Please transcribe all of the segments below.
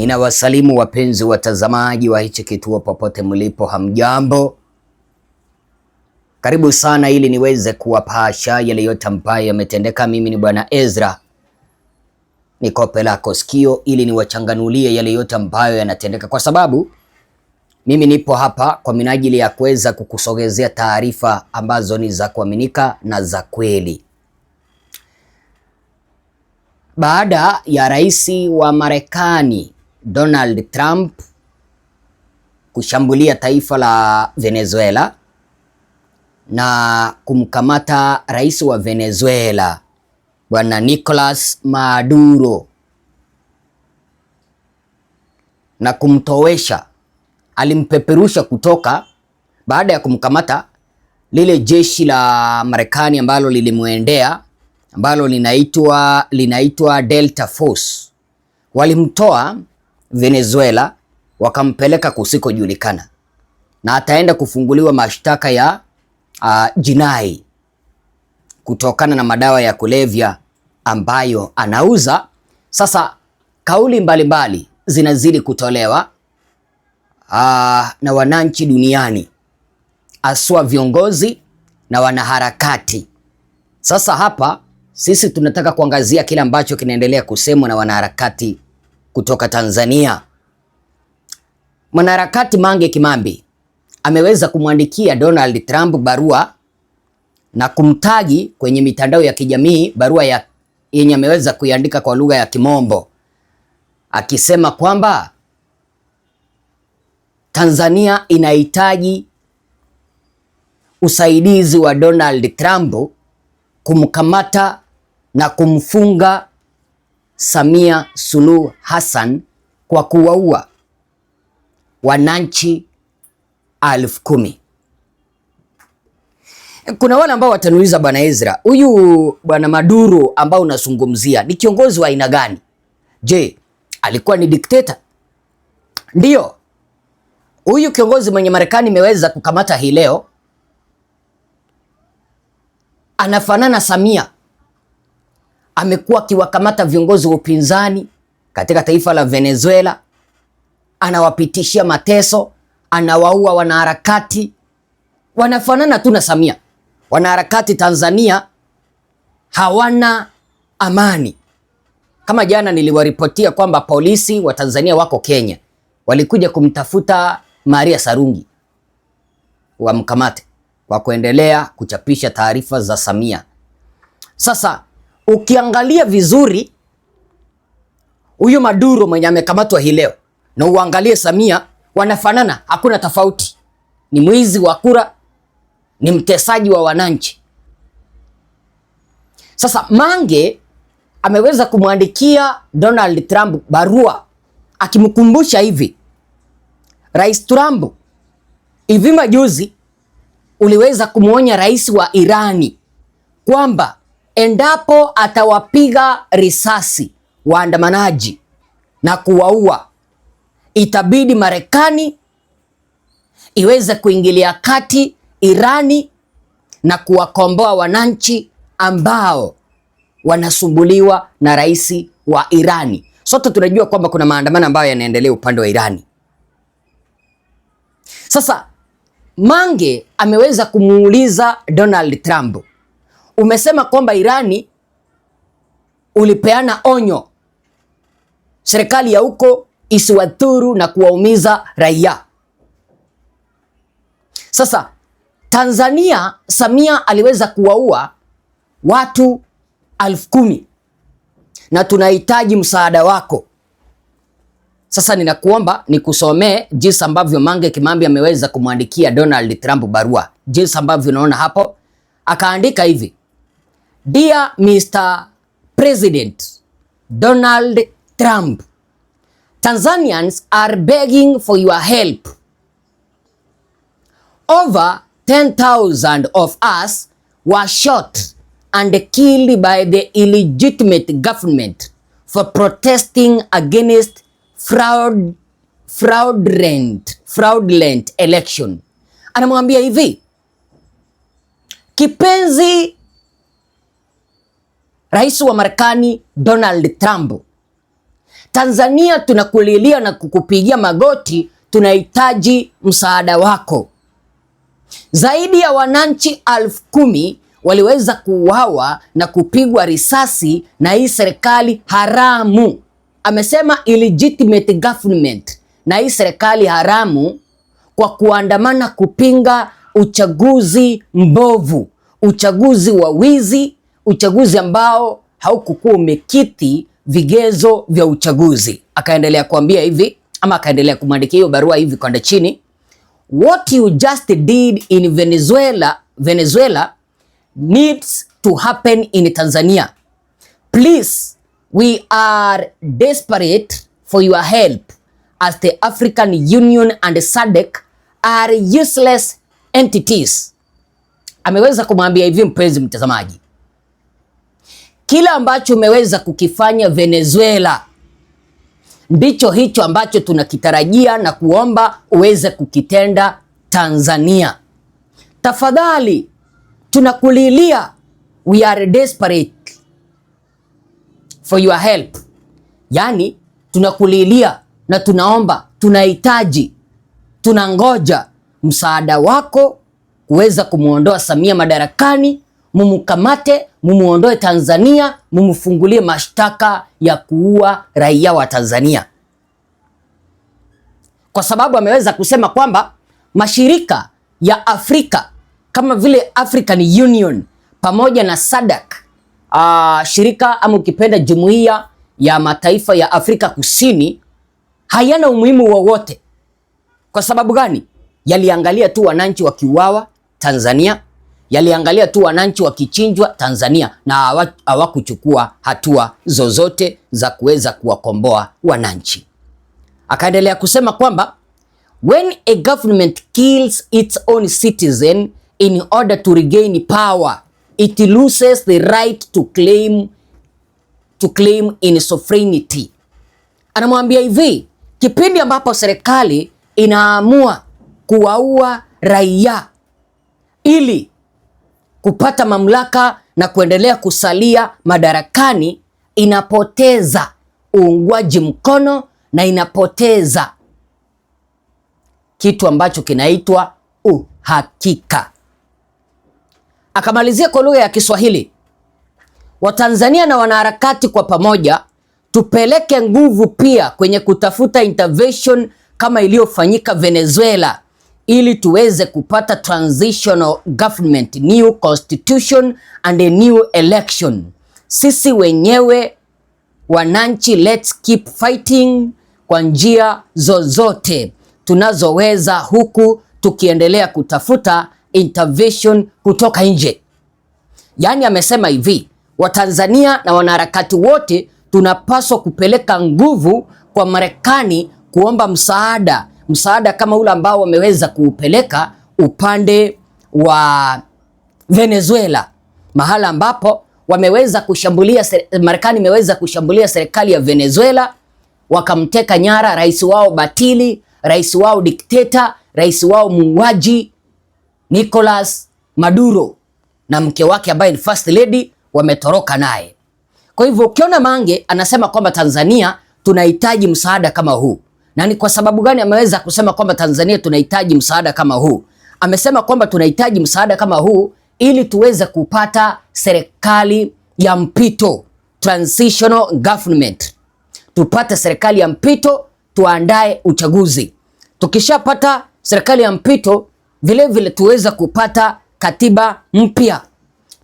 Ninawasalimu wapenzi watazamaji wa hichi kituo popote mlipo, hamjambo? Karibu sana ili niweze kuwapasha yale yote ambayo yametendeka. Mimi ni Bwana Ezra, nikope lako sikio ili niwachanganulie yale yote ambayo yanatendeka, kwa sababu mimi nipo hapa kwa minajili ya kuweza kukusogezea taarifa ambazo ni za kuaminika na za kweli. Baada ya rais wa Marekani Donald Trump kushambulia taifa la Venezuela na kumkamata rais wa Venezuela bwana Nicolas Maduro na kumtowesha. Alimpeperusha kutoka baada ya kumkamata lile jeshi la Marekani ambalo lilimwendea ambalo linaitwa linaitwa Delta Force, walimtoa Venezuela wakampeleka kusikojulikana na ataenda kufunguliwa mashtaka ya uh, jinai kutokana na madawa ya kulevya ambayo anauza. Sasa kauli mbalimbali mbali zinazidi kutolewa uh, na wananchi duniani aswa viongozi na wanaharakati. Sasa hapa sisi tunataka kuangazia kile ambacho kinaendelea kusemwa na wanaharakati kutoka Tanzania. Mwanaharakati Mange Kimambi ameweza kumwandikia Donald Trump barua na kumtagi kwenye mitandao ya kijamii, barua ya yenye ameweza kuiandika kwa lugha ya Kimombo akisema kwamba Tanzania inahitaji usaidizi wa Donald Trump kumkamata na kumfunga Samia Suluhu Hassan kwa kuwaua wananchi elfu kumi. Kuna wale ambao wataniuliza bwana Ezra, huyu bwana Maduro ambao unazungumzia ni kiongozi wa aina gani? Je, alikuwa ni dikteta? Ndiyo, huyu kiongozi mwenye Marekani imeweza kukamata hii leo anafanana Samia amekuwa akiwakamata viongozi wa upinzani katika taifa la Venezuela, anawapitishia mateso, anawaua wanaharakati. Wanafanana tu na Samia. Wanaharakati Tanzania hawana amani. Kama jana niliwaripotia kwamba polisi wa Tanzania wako Kenya, walikuja kumtafuta Maria Sarungi wamkamate kwa kuendelea kuchapisha taarifa za Samia. Sasa Ukiangalia vizuri huyu Maduro mwenye amekamatwa hii leo na uangalie Samia, wanafanana, hakuna tofauti. Ni mwizi wa kura, ni mtesaji wa wananchi. Sasa Mange ameweza kumwandikia Donald Trump barua akimkumbusha hivi, Rais Trump, hivi majuzi uliweza kumwonya rais wa Irani kwamba endapo atawapiga risasi waandamanaji na kuwaua, itabidi Marekani iweze kuingilia kati Irani na kuwakomboa wananchi ambao wanasumbuliwa na rais wa Irani. Sote tunajua kwamba kuna maandamano ambayo yanaendelea upande wa Irani. Sasa Mange ameweza kumuuliza Donald Trump Umesema kwamba Irani ulipeana onyo serikali ya huko isiwadhuru na kuwaumiza raia. Sasa Tanzania, Samia aliweza kuwaua watu elfu kumi na tunahitaji msaada wako. Sasa ninakuomba nikusomee jinsi ambavyo Mange Kimambi ameweza kumwandikia Donald Trump barua, jinsi ambavyo unaona hapo, akaandika hivi: Dear Mr. President Donald Trump, Tanzanians are begging for your help. Over 10,000 of us were shot and killed by the illegitimate government for protesting against fraud, fraudulent, fraudulent election. Anamwambia hivi, kipenzi Rais wa Marekani Donald Trump, Tanzania tunakulilia na kukupigia magoti, tunahitaji msaada wako. Zaidi ya wananchi elfu kumi waliweza kuuawa na kupigwa risasi na hii serikali haramu, amesema illegitimate government, na hii serikali haramu kwa kuandamana kupinga uchaguzi mbovu, uchaguzi wa wizi uchaguzi ambao haukukuwa umekidhi vigezo vya uchaguzi. Akaendelea kuambia hivi ama akaendelea kumwandikia hiyo barua hivi kwenda chini, what you just did in Venezuela, Venezuela needs to happen in Tanzania. Please, we are desperate for your help as the African Union and SADC are useless entities. Ameweza kumwambia hivi mpenzi mtazamaji kila ambacho umeweza kukifanya Venezuela ndicho hicho ambacho tunakitarajia na kuomba uweze kukitenda Tanzania. Tafadhali tunakulilia, we are desperate for your help. Yaani tunakulilia na tunaomba, tunahitaji, tunangoja msaada wako kuweza kumwondoa Samia madarakani mumukamate, mumuondoe Tanzania, mumfungulie mashtaka ya kuua raia wa Tanzania, kwa sababu ameweza kusema kwamba mashirika ya Afrika kama vile African Union pamoja na SADC, uh, shirika ama ukipenda jumuiya ya mataifa ya Afrika Kusini hayana umuhimu wowote. Kwa sababu gani? Yaliangalia tu wananchi wakiuawa Tanzania yaliangalia tu wananchi wakichinjwa Tanzania na hawakuchukua hatua zozote za kuweza kuwakomboa wananchi. Akaendelea kusema kwamba when a government kills its own citizen in order to regain power it loses the right to claim, to claim in sovereignty. Anamwambia hivi, kipindi ambapo serikali inaamua kuwaua raia ili kupata mamlaka na kuendelea kusalia madarakani, inapoteza uungwaji mkono na inapoteza kitu ambacho kinaitwa uhakika. Akamalizia kwa lugha ya Kiswahili, Watanzania na wanaharakati kwa pamoja tupeleke nguvu pia kwenye kutafuta intervention kama iliyofanyika Venezuela ili tuweze kupata transitional government, new constitution and a new election. Sisi wenyewe wananchi, let's keep fighting kwa njia zozote tunazoweza, huku tukiendelea kutafuta intervention kutoka nje. Yaani amesema hivi, Watanzania na wanaharakati wote tunapaswa kupeleka nguvu kwa Marekani kuomba msaada msaada kama ule ambao wameweza kuupeleka upande wa Venezuela, mahala ambapo wameweza kushambulia, Marekani imeweza kushambulia serikali ya Venezuela, wakamteka nyara rais wao batili, rais wao dikteta, rais wao muuaji Nicolas Maduro na mke wake ambaye ni first lady wametoroka naye. Kwa hivyo ukiona Mange anasema kwamba Tanzania tunahitaji msaada kama huu, na ni kwa sababu gani ameweza kusema kwamba Tanzania tunahitaji msaada kama huu? Amesema kwamba tunahitaji msaada kama huu ili tuweze kupata serikali ya mpito, transitional government, tupate serikali ya mpito, tuandae uchaguzi. Tukishapata serikali ya mpito, vilevile tuweze kupata katiba mpya.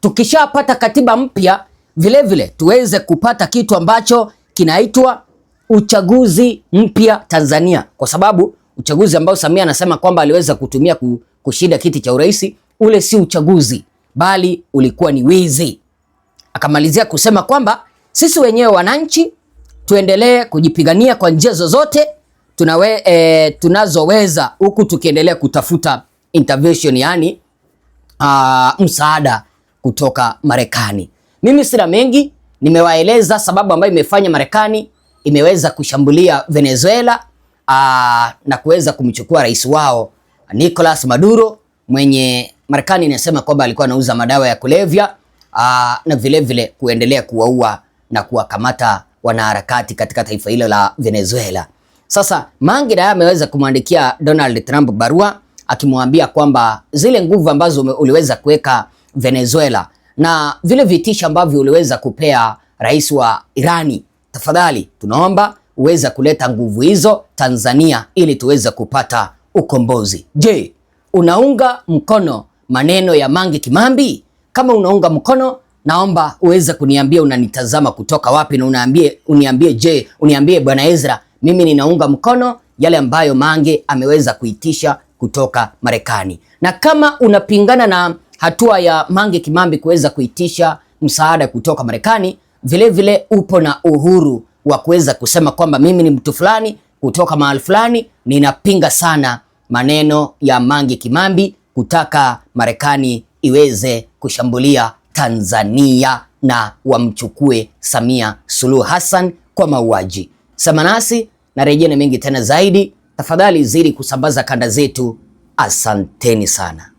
Tukishapata katiba mpya, vilevile tuweze kupata kitu ambacho kinaitwa uchaguzi mpya Tanzania, kwa sababu uchaguzi ambao Samia anasema kwamba aliweza kutumia kushinda kiti cha urais, ule si uchaguzi, bali ulikuwa ni wizi. Akamalizia kusema kwamba sisi wenyewe wananchi tuendelee kujipigania kwa njia zozote tunawe, e, tunazoweza huku tukiendelea kutafuta intervention, yani aa, msaada kutoka Marekani. Mimi sina mengi, nimewaeleza sababu ambayo imefanya Marekani imeweza kushambulia Venezuela aa, ah, na kuweza kumchukua rais wao Nicolas Maduro mwenye Marekani inasema kwamba alikuwa anauza madawa ya kulevya aa, ah, na vilevile vile kuendelea kuwaua na kuwakamata wanaharakati katika taifa hilo la Venezuela. Sasa Mangira ameweza kumwandikia Donald Trump barua akimwambia kwamba zile nguvu ambazo uliweza kuweka Venezuela na vile vitisho ambavyo uliweza kupea rais wa Irani Tafadhali tunaomba uweza kuleta nguvu hizo Tanzania ili tuweze kupata ukombozi. Je, unaunga mkono maneno ya Mange Kimambi? Kama unaunga mkono, naomba uweze kuniambia unanitazama kutoka wapi, na unaambie uniambie, je, uniambie Bwana Ezra, mimi ninaunga mkono yale ambayo Mange ameweza kuitisha kutoka Marekani. Na kama unapingana na hatua ya Mange Kimambi kuweza kuitisha msaada kutoka Marekani, vilevile vile upo na uhuru wa kuweza kusema kwamba mimi ni mtu fulani kutoka mahali fulani, ninapinga sana maneno ya Mange Kimambi kutaka Marekani iweze kushambulia Tanzania na wamchukue Samia Suluhu Hassan kwa mauaji. Sema nasi na rejea na mengi tena zaidi. Tafadhali zidi kusambaza kanda zetu. Asanteni sana.